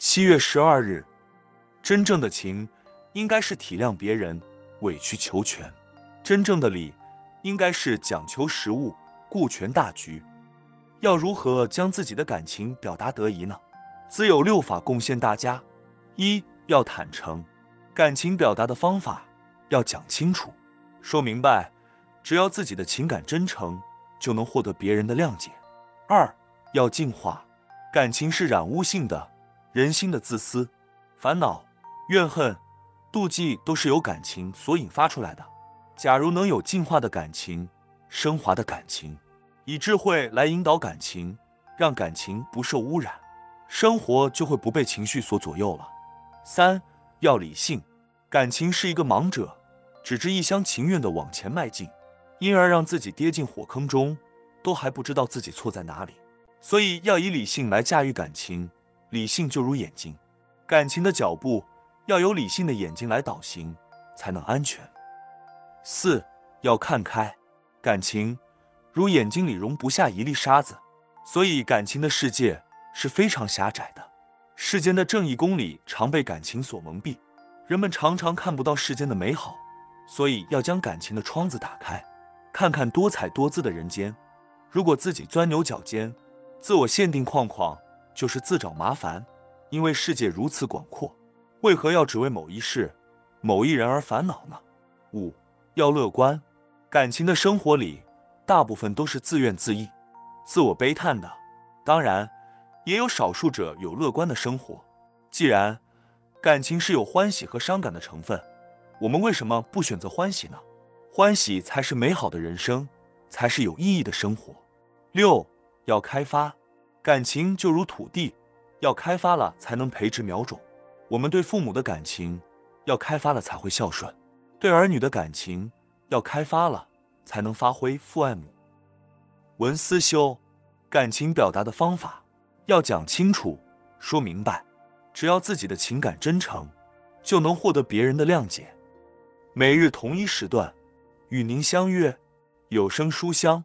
七月十二日，真正的情應該是體諒別人、委曲求全；真正的理應該是講求實務，顧全大局。要如何將自己的感情表達得宜呢？自有六法貢獻大家：一要坦誠，感情表達的方法要講清楚、說明白，只要自己的情感真誠，就能獲得別人的諒解；二要淨化，感情是染污性的。人心的自私、煩惱、怨恨、妒忌都是由感情所引發出來的。假如能有進化的感情、升華的感情，以智慧來引導感情，讓感情不受污染，生活就會不被情緒所左右了。三，要理性，感情是一個盲者，只知一廂情願的往前邁進，因而讓自己跌進火坑中，都還不知道自己錯在哪裡。所以要以理性來駕馭感情。理性就如眼睛，感情的腳步要由理性的眼睛來導行，才能安全。四，要看開，感情如眼睛裡容不下一粒沙子，所以感情的世界是非常狹窄的。世間的正義公理常被感情所蒙蔽，人們常常看不到世間的美好，所以要將感情的窗子打開，看看多彩多姿的人間。如果自己鑽牛角尖，自我限定框框。就是自找麻煩，因為世界如此廣闊，為何要只為某一事、某一人而煩惱呢？五，要樂觀，感情的生活裡大部分都是自怨自艾、自我悲嘆的，當然也有少數者有樂觀的生活。既然感情是有歡喜和傷感的成分，我們為什麼不選擇歡喜呢？歡喜才是美好的人生，才是有意義的生活。六，要開發。感情就如土地，要開發了才能培植苗種。我們對父母的感情要開發了才會孝順，對兒女的感情要開發了才能發揮父愛母。文思修，感情表達的方法要講清楚、說明白。只要自己的情感真誠，就能獲得別人的諒解。每日同一時段，與您相約，有聲書香。